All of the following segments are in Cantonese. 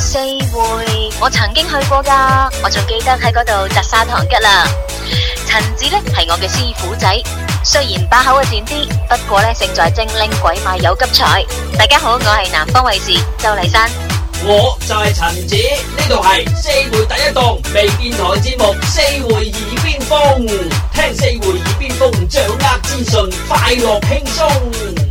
四會，我曾經去過噶，我仲記得喺嗰度摘砂糖桔啦。陳子呢係我嘅師傅仔，雖然把口嘅賤啲，不過呢勝在精靈鬼馬有急才。大家好，我係南方衛視周麗珊，我就係陳子，呢度係四會第一檔微電台節目《四會耳邊風》，聽四會耳邊風，掌握資訊，快樂輕鬆。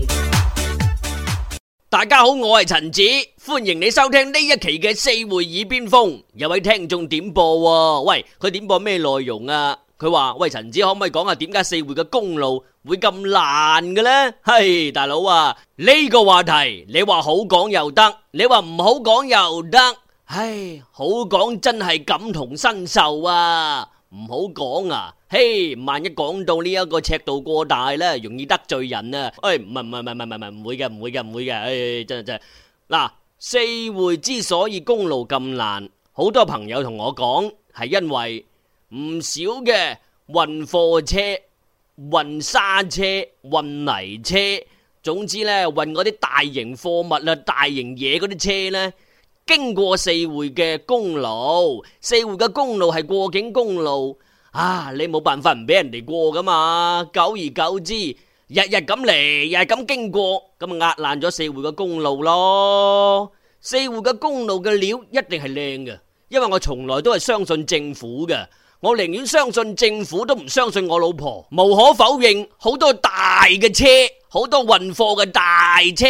大家好，我係陳子，歡迎你收聽呢一期嘅四會耳邊風。有位聽眾點播喎，喂佢點播咩內容啊？佢話喂陳子可唔可以講下點解四會嘅公路會咁爛嘅呢？嘿，係大佬啊，呢個話題你話好講又得，你話唔好講又得。唉，好講真係感同身受啊，唔好講啊。嘿，萬一講到呢一個尺度過大咧，容易得罪人啊！哎，唔係唔係唔係唔係唔會嘅，唔會嘅唔會嘅，哎真係真係嗱，四會之所以公路咁爛，好多朋友同我講係因為唔少嘅運貨車、運沙車、運泥車，總之咧運嗰啲大型貨物啊、大型嘢嗰啲車咧，經過四會嘅公路，四會嘅公路係過境公路。啊！你冇辦法唔俾人哋過噶嘛？久而久之，日日咁嚟，日日咁經過，咁咪壓爛咗四會嘅公路咯。四會嘅公路嘅料一定係靚嘅，因為我從來都係相信政府嘅，我寧願相信政府都唔相信我老婆。無可否認，好多大嘅車，好多運貨嘅大車，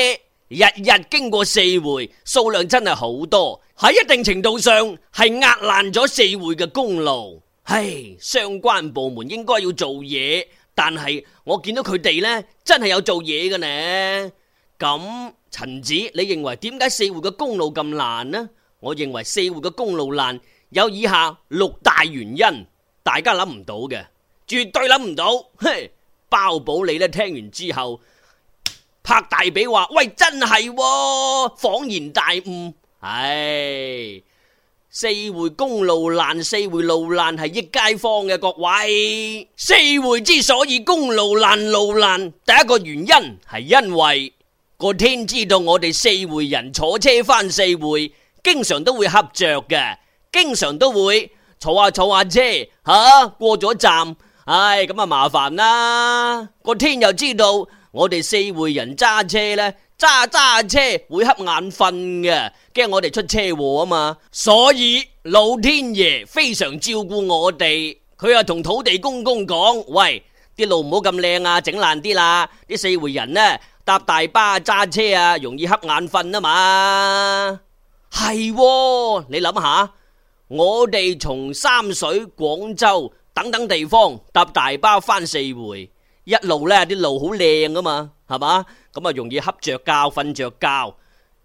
日日經過四會，數量真係好多，喺一定程度上係壓爛咗四會嘅公路。唉，相關部門應該要做嘢，但係我見到佢哋呢，真係有做嘢嘅呢。咁陳子，你認為點解四會嘅公路咁爛呢？我認為四會嘅公路爛有以下六大原因，大家諗唔到嘅，絕對諗唔到。嘿，包保你呢，聽完之後拍大髀話：喂，真係喎，恍然大悟。唉。四會公路爛，四會路爛係益街坊嘅各位。四會之所以公路爛路爛，第一個原因係因為個天知道，我哋四會人坐車返四會，經常都會瞌着嘅，經常都會坐下坐下車，吓、啊、過咗站，唉咁啊麻煩啦。個天又知道我哋四會人揸車咧。揸揸車會瞌眼瞓嘅，驚我哋出車禍啊嘛！所以老天爺非常照顧我哋，佢又同土地公公講：喂，啲路唔好咁靚啊，整爛啲啦！啲四會人呢搭大巴揸車啊，容易瞌眼瞓啊嘛！係哦，你諗下，我哋從三水、廣州等等地方搭大巴翻四會。一路咧，啲路好靚噶嘛，係嘛？咁啊，容易瞌着覺、瞓着覺。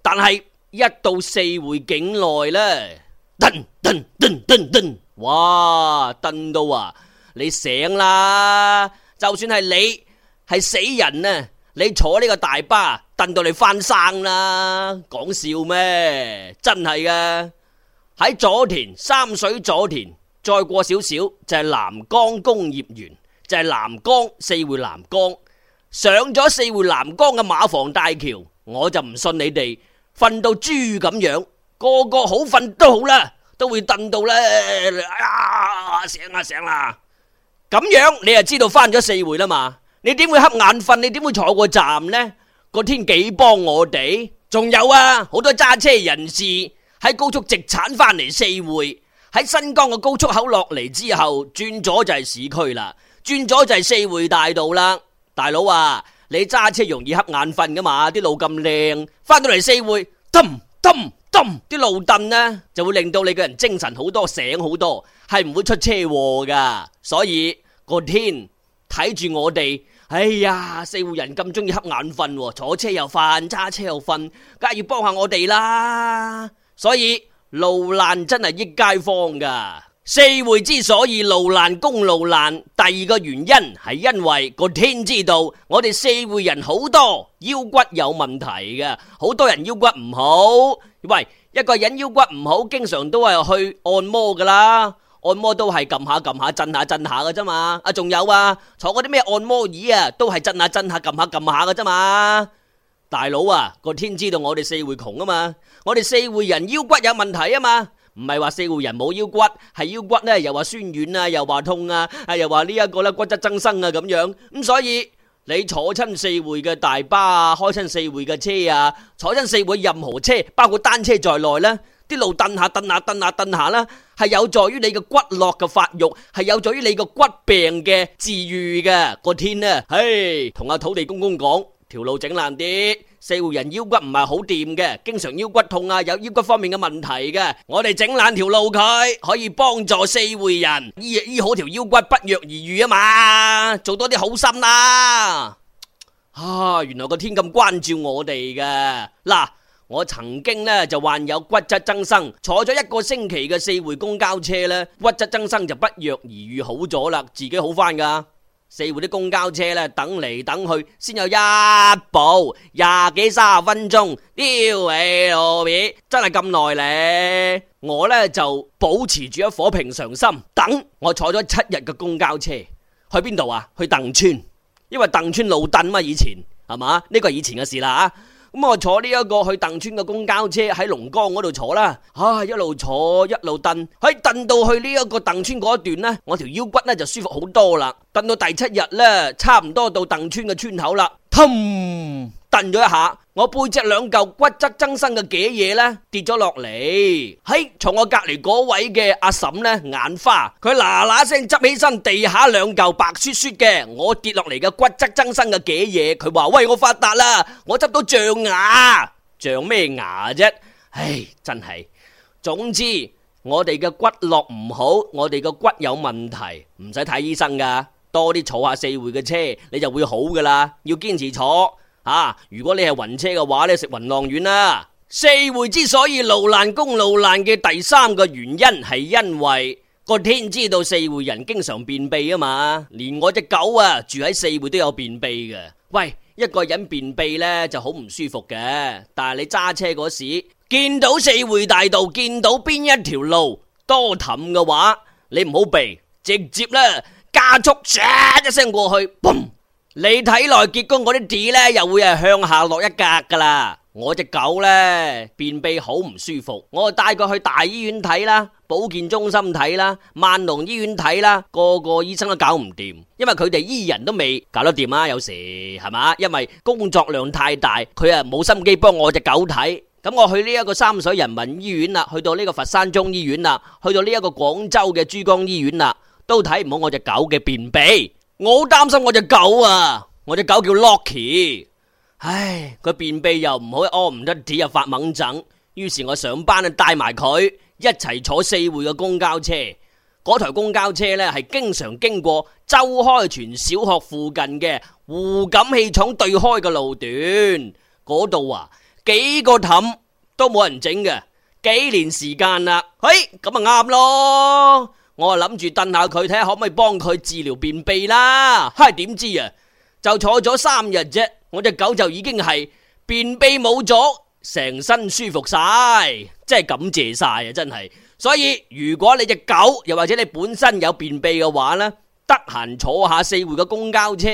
但係一到四會境內咧，蹬蹬蹬蹬蹬，哇！蹬到啊，你醒啦！就算係你係死人啊，你坐呢個大巴蹬到嚟翻生啦！講笑咩？真係噶！喺佐田三水佐田，再過少少就係南江工業園。就係南江四會，南江上咗四會，南江嘅馬房大橋，我就唔信你哋瞓到豬咁樣，個個好瞓都好啦，都會蹬到咧，啊醒啊醒啦！咁樣你就知道翻咗四會啦嘛？你點會瞌眼瞓？你點會坐過站呢？個天幾幫我哋？仲有啊，好多揸車人士喺高速直鏟翻嚟四會，喺新江嘅高速口落嚟之後轉咗就係市區啦。轉咗就係四會大道啦，大佬啊，你揸車容易瞌眼瞓噶嘛？啲路咁靚，翻到嚟四會，噔噔噔，啲路墩呢就會令到你個人精神好多，醒好多，係唔會出車禍噶。所以個天睇住我哋，哎呀，四會人咁鍾意瞌眼瞓，坐車又瞓，揸車又瞓，梗係要幫下我哋啦。所以路爛真係益街坊噶。四會之所以路爛公路爛，第二個原因係因為個天知道，我哋四會人好多腰骨有問題嘅，好多人腰骨唔好。喂，一個人腰骨唔好，經常都係去按摩噶啦，按摩都係撳下撳下，震下震下嘅啫嘛。啊，仲有啊，坐嗰啲咩按摩椅啊，都係震，震下震下，撳下撳下嘅啫嘛。大佬啊，個天知道我哋四會窮啊嘛，我哋四會人腰骨有問題啊嘛。唔係話四會人冇腰骨，係腰骨咧又話酸軟啊，又話痛啊，係又話呢一個咧骨質增生啊咁樣。咁所以你坐親四會嘅大巴啊，開親四會嘅車啊，坐親四會任何車，包括單車在內咧，啲路蹬下蹬下蹬下蹬下啦，係有助於你嘅骨骼嘅發育，係有助於你個骨病嘅治愈嘅。個天啊，嘿，同阿土地公公講，條路整爛啲。四會人腰骨唔係好掂嘅，經常腰骨痛啊，有腰骨方面嘅問題嘅。我哋整爛條路佢，可以幫助四會人醫醫好條腰骨，不藥而愈啊嘛！做多啲好心啦！啊，原來個天咁關照我哋嘅。嗱、啊，我曾經呢就患有骨質增生，坐咗一個星期嘅四會公交車呢，骨質增生就不藥而愈好咗啦，自己好翻噶。四會啲公交車咧，等嚟等去，先有一部廿幾三十分鐘，屌你老味，真係咁耐咧！我咧就保持住一顆平常心，等我坐咗七日嘅公交車，去邊度啊？去鄧村，因為鄧村路爛嘛，以前係嘛？呢、呢個係以前嘅事啦啊！咁、嗯、我坐呢一個去鄧村嘅公交車喺龍江嗰度坐啦，啊一路坐一路蹬，喺蹬到去呢一個鄧村嗰一段呢，我條腰骨呢就舒服好多啦。蹬到第七日呢，差唔多到鄧村嘅村口啦。震咗一下，我背脊兩嚿骨質增生嘅嘅嘢咧，跌咗落嚟。喺坐我隔籬嗰位嘅阿嬸咧眼花，佢嗱嗱聲執起身地下兩嚿白雪雪嘅、我跌落嚟嘅骨質增生嘅嘅嘢，佢話喂，我發達啦，我執到象牙，象咩牙啫？唉，真係。總之我哋嘅骨落唔好，我哋嘅骨有問題，唔使睇醫生噶，多啲坐下四會嘅車，你就會好噶啦，要堅持坐。啊！如果你係暈車嘅話咧，食雲浪丸啦。四會之所以路爛，公路爛嘅第三個原因係因為個天知道四會人經常便秘啊嘛，連我隻狗啊住喺四會都有便秘嘅。喂，一個人便秘呢就好唔舒服嘅，但係你揸車嗰時見到四會大道，見到邊一條路多氹嘅話，你唔好避，直接啦，加速，一聲過去，嘣！你睇內結宮嗰啲紙呢，又會係向下落一格噶啦。我隻狗呢，便秘好唔舒服，我帶佢去大醫院睇啦，保健中心睇啦，萬隆醫院睇啦，個個醫生都搞唔掂，因為佢哋醫人都未搞得掂啊，有時係嘛？因為工作量太大，佢啊冇心機幫我隻狗睇。咁我去呢一個三水人民醫院啦，去到呢個佛山中醫院啦，去到呢一個廣州嘅珠江醫院啦，都睇唔好我隻狗嘅便秘。我好擔心我隻狗啊！我隻狗叫 Lucky，唉，佢便秘又唔好，屙唔得屎又發矇震，於是我上班啊，帶埋佢一齊坐四會嘅公交車。嗰台公交車咧，係經常經過周開泉小學附近嘅互感器廠對開嘅路段，嗰度啊幾個氹都冇人整嘅，幾年時間啦，哎，咁咪啱咯。我啊諗住氹下佢睇下可唔可以幫佢治療便秘啦，嗨，點知啊就坐咗三日啫，我隻狗就已經係便秘冇咗，成身舒服晒，真係感謝晒啊真係。所以如果你隻狗又或者你本身有便秘嘅話呢，得閒坐下四會嘅公交車，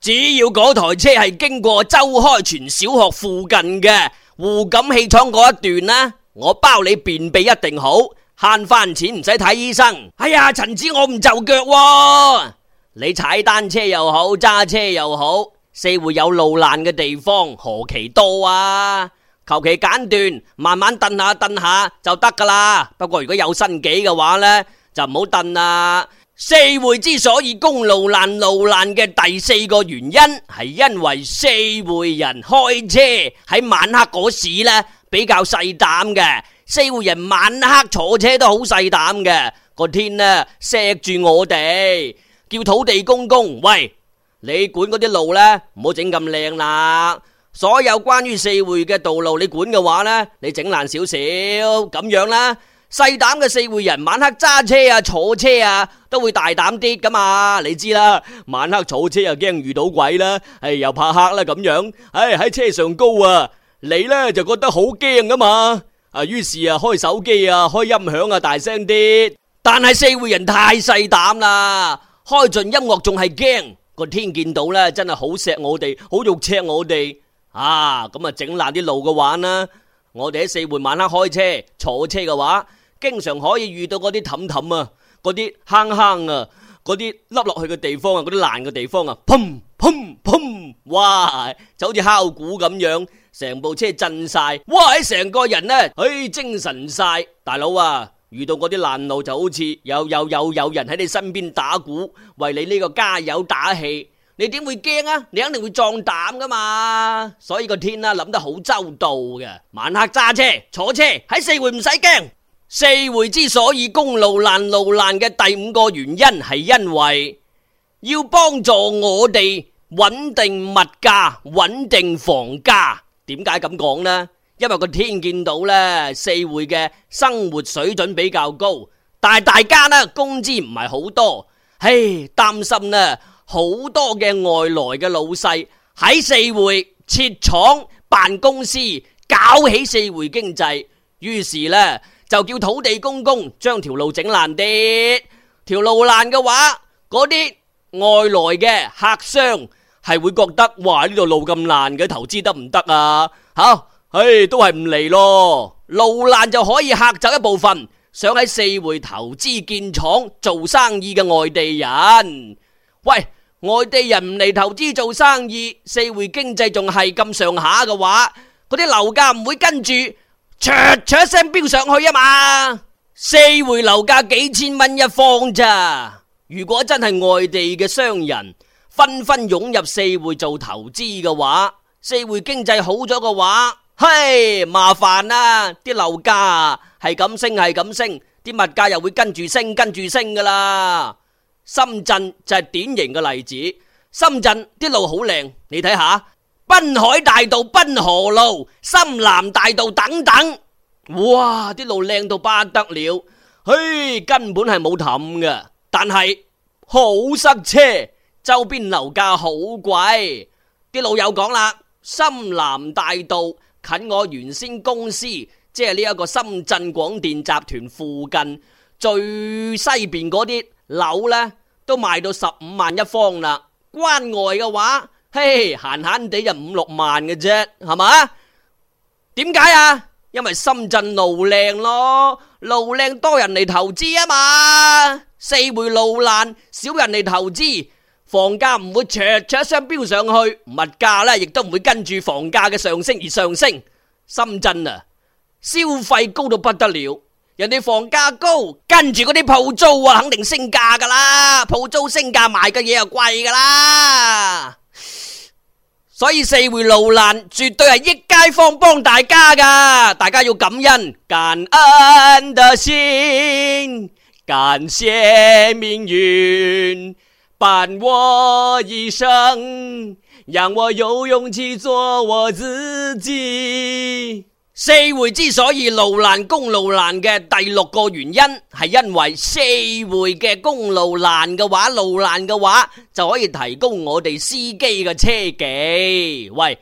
只要嗰台車係經過周開全小學附近嘅護感汽廠嗰一段呢，我包你便秘一定好。慳翻錢唔使睇醫生，哎呀，陳子我唔就腳、啊，你踩單車又好，揸車又好，四會有路爛嘅地方何其多啊！求其揀段，慢慢墩下墩下就得㗎喇。不過如果有新幾嘅話呢，就唔好墩啦。四會之所以公路爛路爛嘅第四個原因係因為四會人開車喺晚黑嗰時呢，比較細膽嘅。四會人晚黑坐車都好細膽嘅個天啊，錫住我哋叫土地公公喂，你管嗰啲路呢，唔好整咁靚啦。所有關於四會嘅道路，你管嘅話呢，你整爛少少咁樣啦。細膽嘅四會人晚黑揸車啊，坐車啊，都會大膽啲噶嘛。你知啦，晚黑坐車又驚遇到鬼啦，唉、哎，又怕黑啦，咁樣唉喺、哎、車上高啊，你呢就覺得好驚噶嘛。啊，於是啊，開手機啊，開音響啊，大聲啲。但係四會人太細膽啦，開盡音樂仲係驚。個天見到咧，真係好錫我哋，好肉赤我哋啊！咁啊，整爛啲路嘅話呢，我哋喺四會晚黑開車坐車嘅話，經常可以遇到嗰啲氹氹啊，嗰啲坑坑啊，嗰啲凹落去嘅地方啊，嗰啲爛嘅地方啊，砰砰砰，哇，就好似敲鼓咁樣。成部車震晒，哇！喺成個人呢，嘿，精神晒，大佬啊，遇到嗰啲爛路就好似有有有有人喺你身邊打鼓，為你呢個加油打氣，你點會驚啊？你肯定會壯膽㗎嘛。所以個天啊諗得好周到嘅，晚黑揸車坐車喺四會唔使驚。四會之所以公路爛路爛嘅第五個原因係因為要幫助我哋穩定物價、穩定房價。點解咁講呢？因為個天見到呢，四會嘅生活水準比較高，但係大家呢，工資唔係好多，唉，擔心呢，好多嘅外來嘅老細喺四會設廠辦公司搞起四會經濟，於是呢就叫土地公公將條路整爛啲，條路爛嘅話，嗰啲外來嘅客商。係會覺得哇，呢度路咁爛嘅投資得唔得啊？吓，唉都係唔嚟咯。路爛就可以吓走一部分想喺四會投資建廠做生意嘅外地人。喂，外地人唔嚟投資做生意，四會經濟仲係咁上下嘅話，嗰啲樓價唔會跟住噱噱聲飆上去啊嘛。四會樓價幾千蚊一方咋？如果真係外地嘅商人。紛紛湧入四會做投資嘅話，四會經濟好咗嘅話，嘿麻煩啦，啲樓價係咁升係咁升，啲物價又會跟住升跟住升噶啦。深圳就係典型嘅例子，深圳啲路好靚，你睇下濱海大道、濱河路、深南大道等等，哇啲路靚到不得了，嘿根本係冇氹嘅，但係好塞車。周邊樓價好貴，啲老友講啦，深南大道近我原先公司，即係呢一個深圳廣電集團附近最西邊嗰啲樓呢，都賣到十五萬一方啦。關外嘅話，嘿，閒閒地就五六萬嘅啫，係嘛？點解啊？因為深圳路靚咯，路靚多人嚟投資啊嘛，四會路爛少人嚟投資。房價唔會灼灼一聲飆上去，物價呢亦都唔會跟住房價嘅上升而上升。深圳啊，消費高到不得了，人哋房價高，跟住嗰啲鋪租啊，肯定升價噶啦，鋪租升價，賣嘅嘢又貴噶啦。所以四會路爛，絕對係益街坊幫大家噶，大家要感恩，感恩的心，感謝命運。伴我一生，讓我有勇氣做我自己。四會之所以路爛公路爛嘅第六個原因，係因為四會嘅公路爛嘅話，路爛嘅話就可以提供我哋司機嘅車技。喂，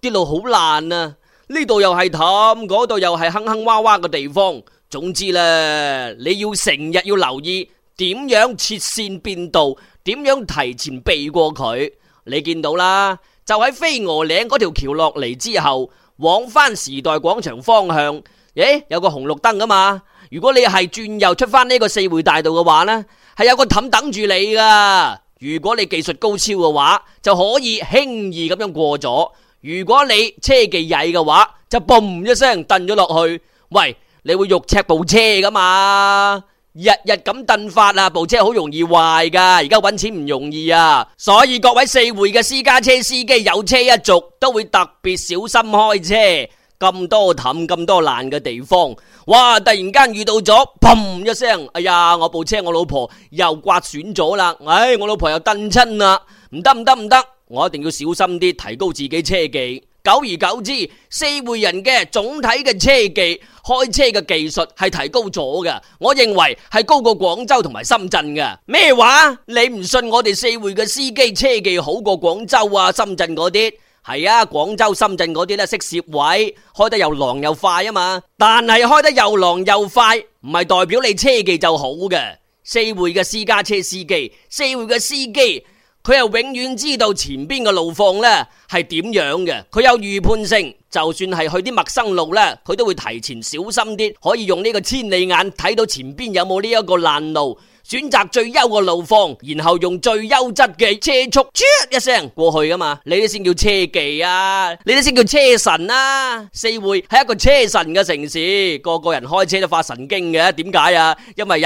啲路好爛啊！呢度又係凼，嗰度又係坑坑窪窪嘅地方。總之啦，你要成日要留意。點樣切線變道？點樣提前避過佢？你見到啦，就喺飛鵝嶺嗰條橋落嚟之後，往返時代廣場方向，誒、哎，有個紅綠燈噶嘛。如果你係轉右出返呢個四會大道嘅話呢，係有個氹等住你噶。如果你技術高超嘅話，就可以輕易咁樣過咗。如果你車技曳嘅話，就嘣一聲頓咗落去，喂，你會肉赤部車噶嘛？日日咁頓法啊，部車好容易壞噶。而家揾錢唔容易啊，所以各位四會嘅私家車司機有車一族都會特別小心開車。咁多氹，咁多爛嘅地方，哇！突然間遇到咗，砰一聲，哎呀！我部車我老婆又刮損咗啦，唉、哎，我老婆又頓親啦，唔得唔得唔得，我一定要小心啲，提高自己車技。久而久之，四會人嘅總體嘅車技、開車嘅技術係提高咗嘅。我認為係高過廣州同埋深圳嘅。咩話？你唔信我哋四會嘅司機車技好過廣州啊、深圳嗰啲？係啊，廣州、深圳嗰啲咧識攝位，開得又浪又快啊嘛。但係開得又浪又快，唔係代表你車技就好嘅。四會嘅私家車司機，四會嘅司機。佢係永遠知道前邊嘅路況咧係點樣嘅，佢有預判性，就算係去啲陌生路咧，佢都會提前小心啲，可以用呢個千里眼睇到前邊有冇呢一個爛路。選擇最優嘅路況，然後用最優質嘅車速，唰一聲過去㗎嘛。你啲先叫車技啊，你啲先叫車神啊。四會係一個車神嘅城市，個個人開車都發神經嘅。點解啊？因為一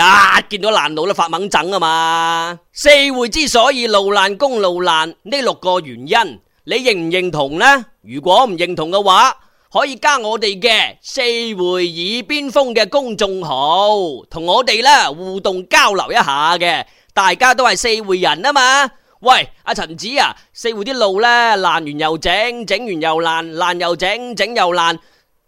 見到爛路都發猛症啊嘛。四會之所以路爛，公路爛呢六個原因，你認唔認同呢？如果唔認同嘅話。可以加我哋嘅四會耳邊風嘅公眾號，同我哋呢互動交流一下嘅。大家都係四會人啊嘛。喂，阿陳子啊，子四會啲路呢，爛完又整，整完又爛，爛又整，整又爛。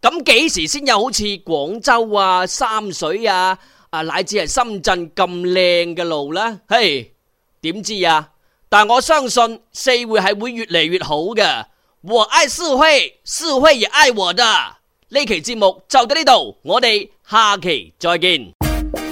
咁幾時先有好似廣州啊、三水啊、啊乃至係深圳咁靚嘅路呢？嘿，點知啊？但我相信四會係會越嚟越好嘅。我愛四會，四會也愛我的。呢期節目就到呢度，我哋下期再見。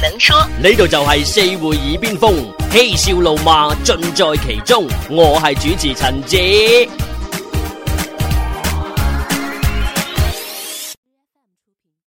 能說。呢度就係四會耳邊風，嬉笑怒罵盡在其中。我係主持陳志。